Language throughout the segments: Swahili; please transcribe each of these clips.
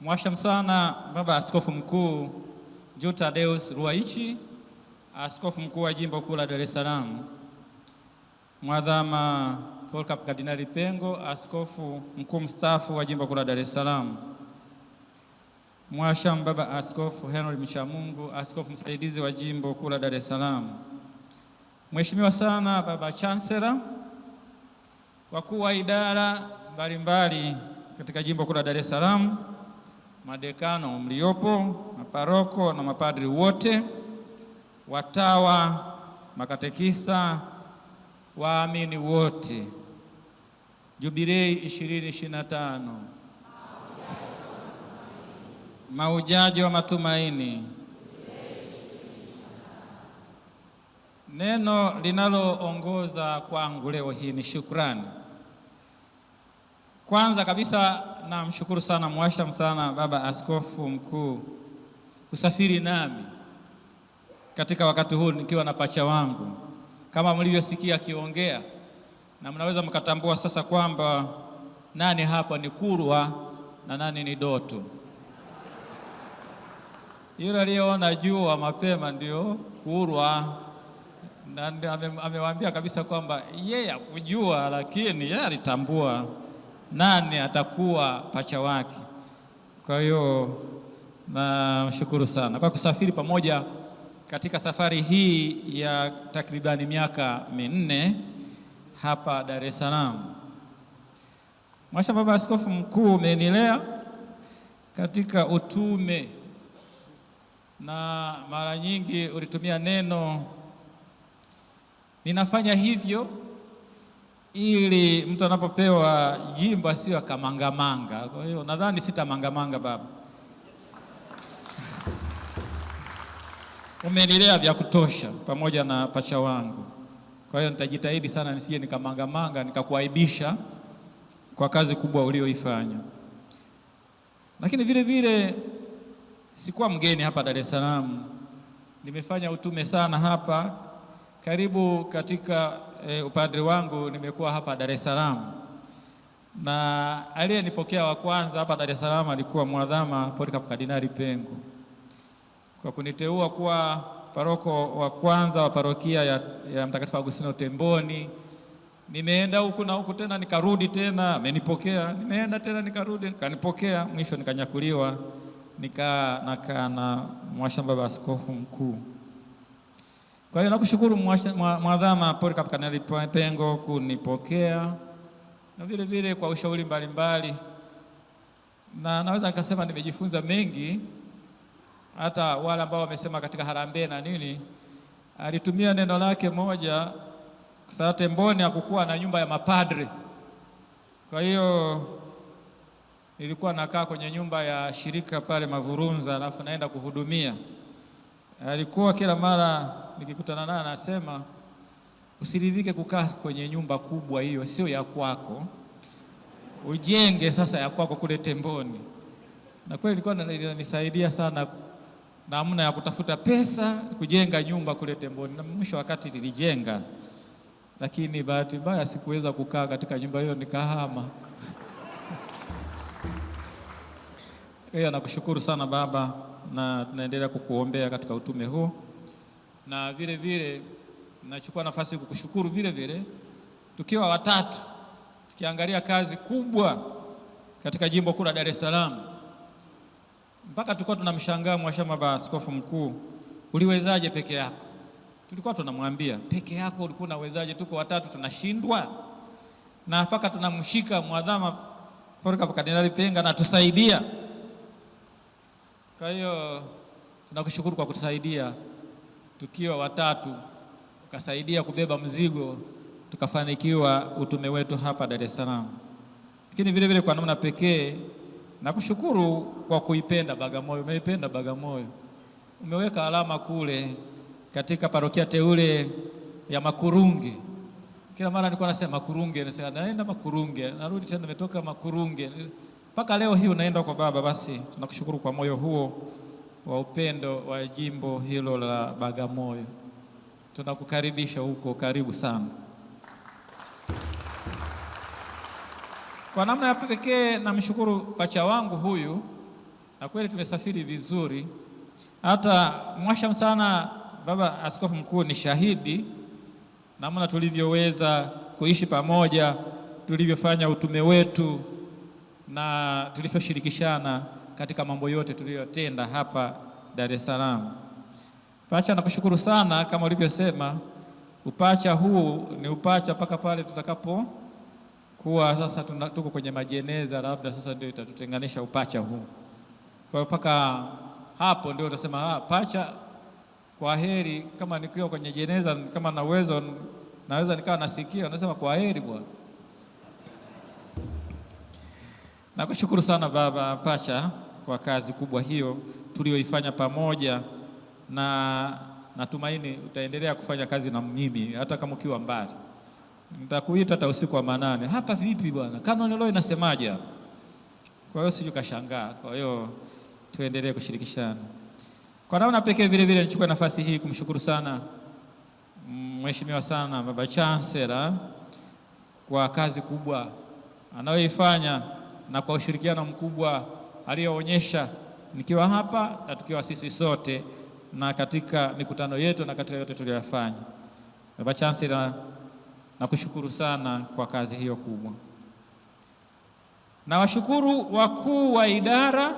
Mwasham sana Baba Askofu Mkuu Juta Deus Ruwaichi, askofu mkuu wa jimbo kuu la Dar es Salaam, Mwadhama Polycarp Kardinali Pengo, askofu mkuu mstaafu wa jimbo kuu la Dar es Salaam, Mwasham Baba Askofu Henry Mshamungu, askofu msaidizi wa jimbo kuu la Dar es Salaam, Mheshimiwa sana Baba Chancellor, wakuu wa idara mbalimbali katika jimbo kuu la Dar es Salaam madekano mliopo, maparoko na mapadri wote, watawa, makatekisa, waamini wote. Jubilei 2025 maujaji wa matumaini. Neno linaloongoza kwangu leo hii ni shukrani. Kwanza kabisa namshukuru sana mwasham sana Baba Askofu Mkuu kusafiri nami katika wakati huu nikiwa na pacha wangu, kama mlivyosikia akiongea, na mnaweza mkatambua sasa kwamba nani hapa ni Kurwa na nani ni Doto. Yule aliyeona jua mapema ndio Kurwa, na amewaambia kabisa kwamba yeye yeah, akujua, lakini yeye yeah, alitambua nani atakuwa pacha wake. Kwa hiyo namshukuru sana kwa kusafiri pamoja katika safari hii ya takribani miaka minne hapa Dar es Salaam. Mwasha Baba Askofu Mkuu, umenilea katika utume na mara nyingi ulitumia neno ninafanya hivyo ili mtu anapopewa jimbo asio akamangamanga. Kwa hiyo nadhani sitamangamanga baba. Umenilea vya kutosha pamoja na pacha wangu, kwa hiyo nitajitahidi sana nisije nikamangamanga nikakuaibisha kwa kazi kubwa ulioifanya. Lakini vile vile sikuwa mgeni hapa Dar es Salaam, nimefanya utume sana hapa karibu katika e, upadri wangu nimekuwa hapa Dar es Salaam, na aliyenipokea wa kwanza hapa Dar es Salaam alikuwa mwadhama Polycarp Kardinali Pengo kwa kuniteua kuwa paroko wa kwanza wa parokia ya, ya Mtakatifu Agustino Temboni. Nimeenda huku na huku tena nikarudi tena, amenipokea. Nimeenda tena nikarudi, kanipokea. Mwisho nikanyakuliwa nikaa nakaa na mwashamba baba askofu mkuu kwa hiyo nakushukuru mwadhama Polycarp Kardinali Pengo kunipokea na vile vile kwa ushauri mbalimbali, na naweza nikasema nimejifunza mengi. Hata wale ambao wamesema katika harambee na nini, alitumia neno lake moja, kwa sababu Temboni hakukuwa na nyumba ya mapadre. Kwa hiyo nilikuwa nakaa kwenye nyumba ya shirika pale Mavurunza, alafu naenda kuhudumia, alikuwa kila mara nikikutana naye anasema usiridhike kukaa kwenye nyumba kubwa, hiyo sio ya kwako, ujenge sasa ya kwako kule Temboni. Na kweli ilikuwa inanisaidia sana namna ya kutafuta pesa kujenga nyumba kule Temboni, na mwisho wakati nilijenga, lakini bahati mbaya sikuweza kukaa katika nyumba hiyo, nikahama. Eyo, ee, nakushukuru sana baba, na tunaendelea kukuombea katika utume huu na vile vile nachukua nafasi kukushukuru vile vile tukiwa watatu, tukiangalia kazi kubwa katika jimbo kuu la Dar es Salaam, mpaka tulikuwa tunamshangaa Mwashama Baba Askofu Mkuu, uliwezaje peke yako? Tulikuwa tunamwambia peke yako ulikuwa unawezaje? Tuko watatu tunashindwa, na mpaka tunamshika mwadhama Forka Kardinali Penga na tusaidia. Kwa hiyo tunakushukuru kwa kutusaidia tukiwa watatu, ukasaidia kubeba mzigo, tukafanikiwa utume wetu hapa Dar es Salaam. Lakini vile vile kwa namna pekee nakushukuru kwa kuipenda Bagamoyo, umeipenda Bagamoyo, umeweka alama kule katika parokia teule ya Makurunge. Kila mara nilikuwa nasema Makurunge, nasema naenda Makurunge, narudi tena, nimetoka Makurunge mpaka leo hii unaenda kwa Baba. Basi tunakushukuru kwa moyo huo wa upendo wa jimbo hilo la Bagamoyo. Tunakukaribisha huko, karibu sana. Kwa namna ya pekee namshukuru pacha wangu huyu, na kweli tumesafiri vizuri. Hata mwasham sana baba askofu mkuu ni shahidi namna tulivyoweza kuishi pamoja, tulivyofanya utume wetu na tulivyoshirikishana katika mambo yote tuliyotenda hapa Dar es Salaam. Pacha, nakushukuru sana kama ulivyosema, upacha huu ni upacha mpaka pale tutakapo kuwa sasa tuko kwenye majeneza, labda sasa ndio itatutenganisha upacha huu. Kwa hiyo mpaka hapo ndio utasema ah, pacha, kwa heri. Kama nikiwa kwenye jeneza, kama na uwezo naweza nikawa nasikia, nasema kwa heri bwana. Nakushukuru sana Baba Pacha kwa kazi kubwa hiyo tuliyoifanya pamoja, na natumaini utaendelea kufanya kazi na mimi hata kama ukiwa mbali. Nitakuita hata usiku wa manane, hapa vipi bwana, kanuni leo inasemaje hapa? Kwa hiyo siju kashangaa. Kwa hiyo tuendelee kushirikishana kwa namna pekee. Vile vile nichukue nafasi hii kumshukuru sana mheshimiwa sana Baba Chancellor kwa kazi kubwa anayoifanya na kwa ushirikiano mkubwa aliyoonyesha nikiwa hapa na tukiwa sisi sote na katika mikutano yetu na katika yote tuliyoyafanya. Baba Chancellor, nakushukuru sana kwa kazi hiyo kubwa. Nawashukuru wakuu wa idara.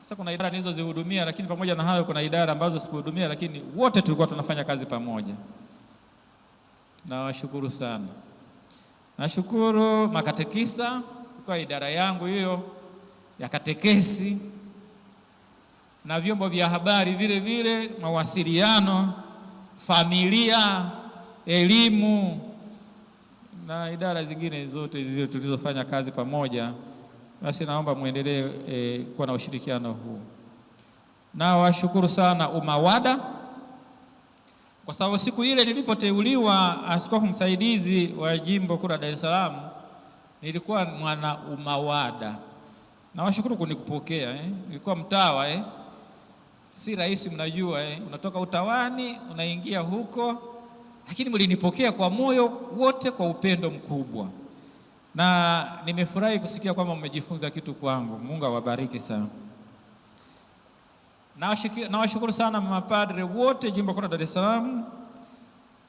Sasa kuna idara nilizozihudumia, lakini pamoja na hayo kuna idara ambazo sikuhudumia, lakini wote tulikuwa tunafanya kazi pamoja. Nawashukuru sana. Nashukuru makatekisa nakumbuka idara yangu hiyo ya katekesi na vyombo vya habari vile vile, mawasiliano, familia, elimu na idara zingine zote zile tulizofanya kazi pamoja, basi naomba mwendelee e, kuwa na ushirikiano huu. Na washukuru sana UMAWADA kwa sababu siku ile nilipoteuliwa askofu msaidizi wa jimbo kuu la Dar es Salaam nilikuwa mwana umawada, nawashukuru kunikupokea eh. Nilikuwa mtawa eh. Si rahisi mnajua eh. Unatoka utawani unaingia huko, lakini mlinipokea kwa moyo wote, kwa upendo mkubwa, na nimefurahi kusikia kwamba mmejifunza kitu kwangu. Mungu awabariki sana. Nawashukuru sana mapadre wote jimbo kuu la Dar es Salaam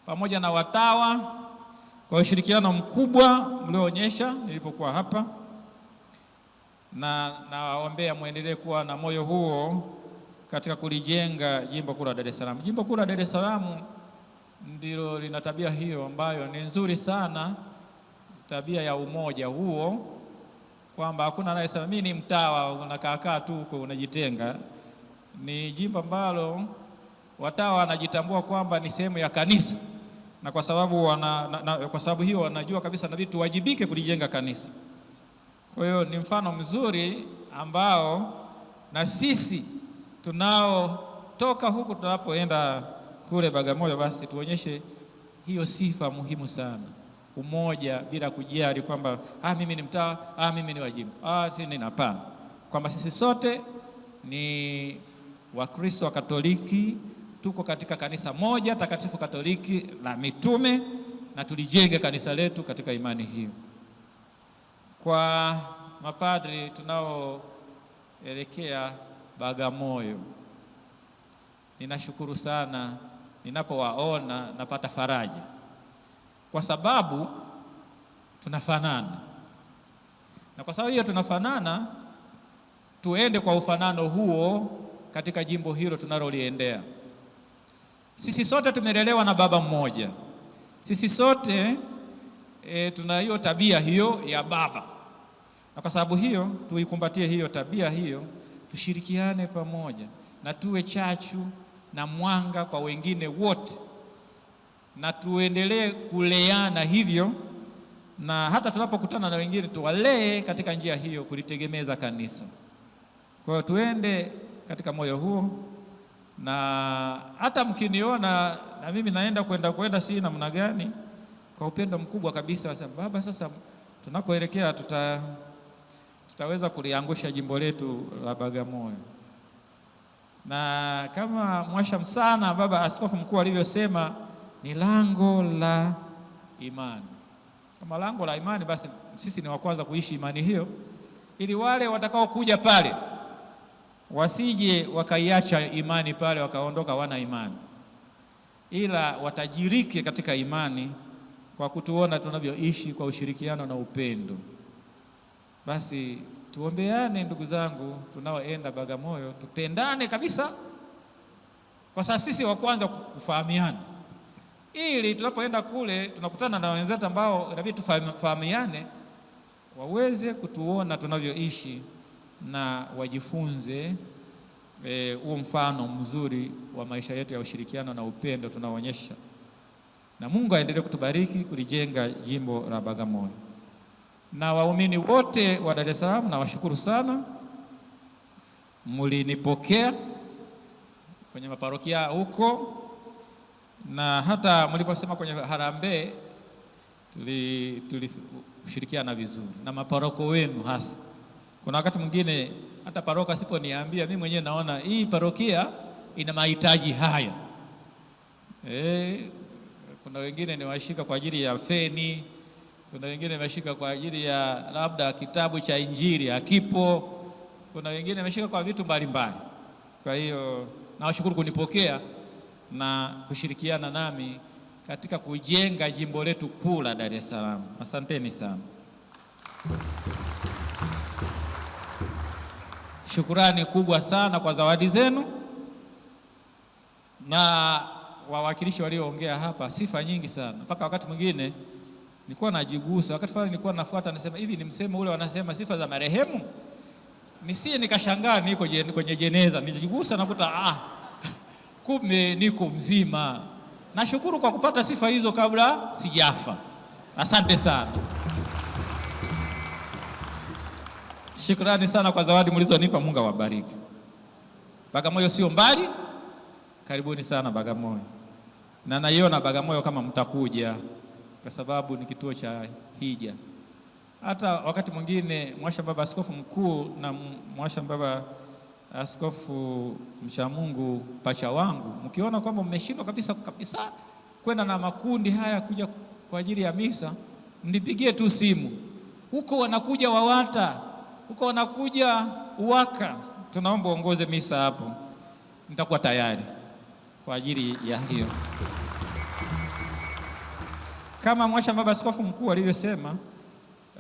pamoja na watawa kwa ushirikiano mkubwa mlioonyesha nilipokuwa hapa, na nawaombea mwendelee kuwa na moyo huo katika kulijenga jimbo kuu la Dar es Salaam. Jimbo kuu la Dar es Salaam ndilo lina tabia hiyo ambayo ni nzuri sana, tabia ya umoja huo, kwamba hakuna anayesema mimi ni mtawa unakaakaa tu huko unajitenga. Ni jimbo ambalo watawa wanajitambua kwamba ni sehemu ya kanisa na kwa sababu wana, na, na, kwa sababu hiyo wanajua kabisa nabidi tuwajibike kulijenga kanisa. Kwa hiyo ni mfano mzuri ambao na sisi tunaotoka huku tunapoenda kule Bagamoyo, basi tuonyeshe hiyo sifa muhimu sana, umoja bila kujali kwamba ah, mimi ni mtaa ah, mimi ni wajimbo ah, si ni Hapana, kwamba sisi sote ni Wakristo wa Katoliki tuko katika kanisa moja takatifu Katoliki la mitume na tulijenge kanisa letu katika imani hiyo. Kwa mapadri tunaoelekea Bagamoyo, ninashukuru sana ninapowaona napata faraja, kwa sababu tunafanana, na kwa sababu hiyo tunafanana, tuende kwa ufanano huo katika jimbo hilo tunaloliendea. Sisi sote tumelelewa na baba mmoja, sisi sote e, tuna hiyo tabia hiyo ya baba, na kwa sababu hiyo tuikumbatie hiyo tabia hiyo, tushirikiane pamoja na tuwe chachu na mwanga kwa wengine wote, na tuendelee kuleana hivyo, na hata tunapokutana na wengine tuwalee katika njia hiyo, kulitegemeza kanisa. Kwa hiyo tuende katika moyo huo na hata mkiniona na mimi naenda kwenda kwenda, si namna gani, kwa upendo mkubwa kabisa wasema, baba, sasa tunakoelekea tuta, tutaweza kuliangusha jimbo letu la Bagamoyo. Na kama mwasham sana baba askofu mkuu alivyosema, ni lango la imani. Kama lango la imani, basi sisi ni wa kwanza kuishi imani hiyo, ili wale watakaokuja pale wasije wakaiacha imani pale wakaondoka wana imani, ila watajirike katika imani kwa kutuona tunavyoishi kwa ushirikiano na upendo. Basi tuombeane ndugu zangu, tunaoenda Bagamoyo, tupendane kabisa, kwa sasa sisi wa kwanza kufahamiana, ili tunapoenda kule tunakutana na wenzetu ambao inabidi tufahamiane, waweze kutuona tunavyoishi na wajifunze eh, huo e, mfano mzuri wa maisha yetu ya ushirikiano na upendo tunaoonyesha, na Mungu aendelee kutubariki kulijenga jimbo la Bagamoyo. Na waumini wote wa Dar es Salaam nawashukuru sana, mlinipokea kwenye maparokia huko, na hata mliposema kwenye harambee tulishirikiana tuli vizuri na maparoko wenu hasa kuna wakati mwingine hata paroka asiponiambia mimi mwenyewe naona hii parokia ina mahitaji haya. E, kuna wengine ni washika kwa ajili ya feni, kuna wengine washika kwa ajili ya labda kitabu cha Injili hakipo, kuna wengine washika kwa vitu mbalimbali. Kwa hiyo nawashukuru kunipokea na kushirikiana nami katika kujenga jimbo letu kuu la Dar es Salaam. Asanteni sana shukurani kubwa sana kwa zawadi zenu na wawakilishi walioongea hapa, sifa nyingi sana mpaka wakati mwingine nilikuwa najigusa, wakati fulani nilikuwa nafuata, nasema hivi, ni msemo ule wanasema sifa za marehemu, nisiye nikashangaa niko jen, kwenye jeneza, nijigusa nakuta ah, kumbe niko mzima. Nashukuru kwa kupata sifa hizo kabla sijafa. Asante sana. Shukrani sana kwa zawadi mlizonipa, Mungu awabariki. Bagamoyo sio mbali, karibuni sana Bagamoyo, na naiona Bagamoyo kama mtakuja, kwa sababu ni kituo cha hija. Hata wakati mwingine mwasha baba askofu mkuu na mwasha baba askofu mshamungu pacha wangu, mkiona kwamba mmeshindwa kabisa kabisa kwenda na makundi haya kuja kwa ajili ya misa, mnipigie tu simu, huko wanakuja Wawata huko wanakuja uwaka, tunaomba uongoze misa hapo, nitakuwa tayari kwa ajili ya hiyo. Kama Mwashamba Baba Askofu Mkuu alivyosema,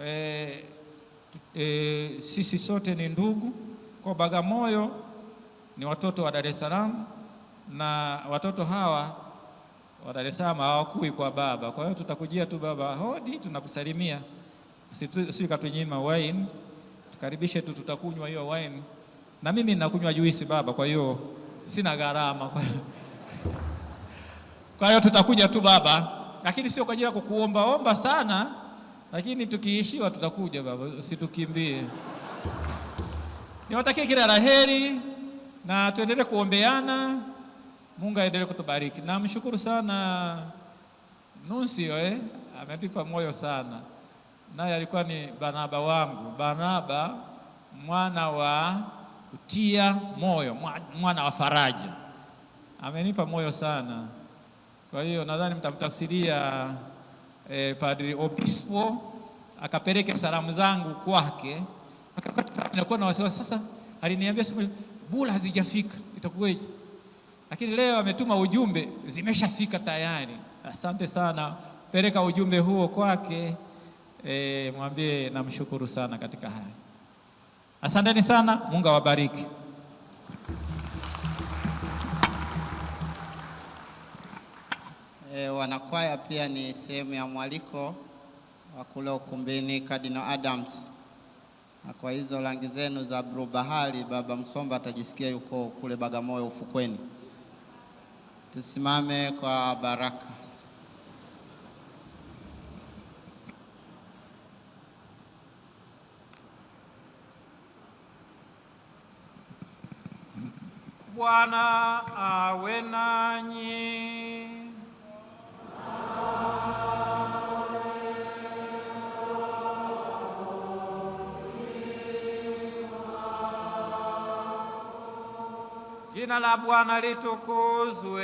e, e, sisi sote ni ndugu kwa Bagamoyo ni watoto wa Dar es Salaam na watoto hawa wa Dar es Salaam hawakui kwa baba. Kwa hiyo tutakujia tu baba, hodi, tunakusalimia, si katunyima wine karibishe tu, tutakunywa hiyo wine na mimi ninakunywa juisi baba, kwa hiyo sina gharama. Kwa hiyo tutakuja tu baba, lakini sio kwa ajili ya kukuomba omba sana, lakini tukiishiwa tutakuja baba, usitukimbie. Niwatakie kila la heri na tuendelee kuombeana, Mungu aendelee kutubariki. Namshukuru sana Nuncio, eh, amenipa moyo sana naye alikuwa ni Barnaba wangu, Barnaba mwana wa kutia moyo, mwana wa faraja. Amenipa moyo sana. Kwa hiyo nadhani mtamtafsiria e, Padri Obispo akapeleke salamu zangu kwake. Nakuwa na wasiwasi sasa, aliniambia simu bula hazijafika itakuwaje, lakini leo ametuma ujumbe, zimeshafika tayari. Asante sana, peleka ujumbe huo kwake e, mwambie namshukuru sana katika haya. Asanteni sana, Mungu awabariki. E, wanakwaya pia ni sehemu ya mwaliko wa kule ukumbini Cardinal Adams, na kwa hizo rangi zenu za bluu bahari, Baba Msomba atajisikia yuko kule Bagamoyo ufukweni. Tusimame kwa baraka. Bwana awe nanyi. Jina la Bwana litukuzwe.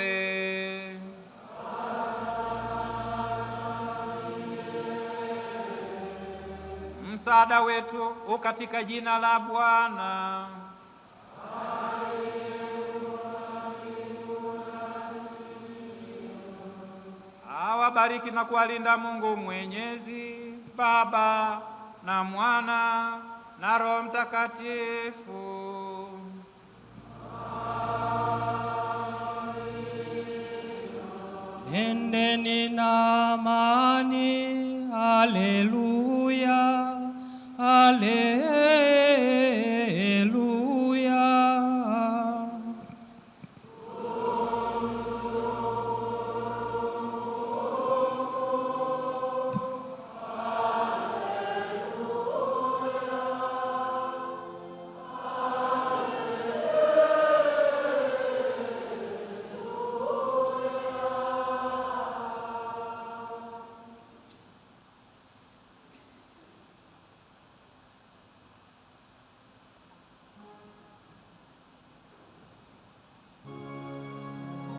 Msaada wetu ukatika jina la Bwana. Awabariki na kuwalinda Mungu Mwenyezi, Baba na Mwana na Roho Mtakatifu. Nendeni na amani. Haleluya, haleluya.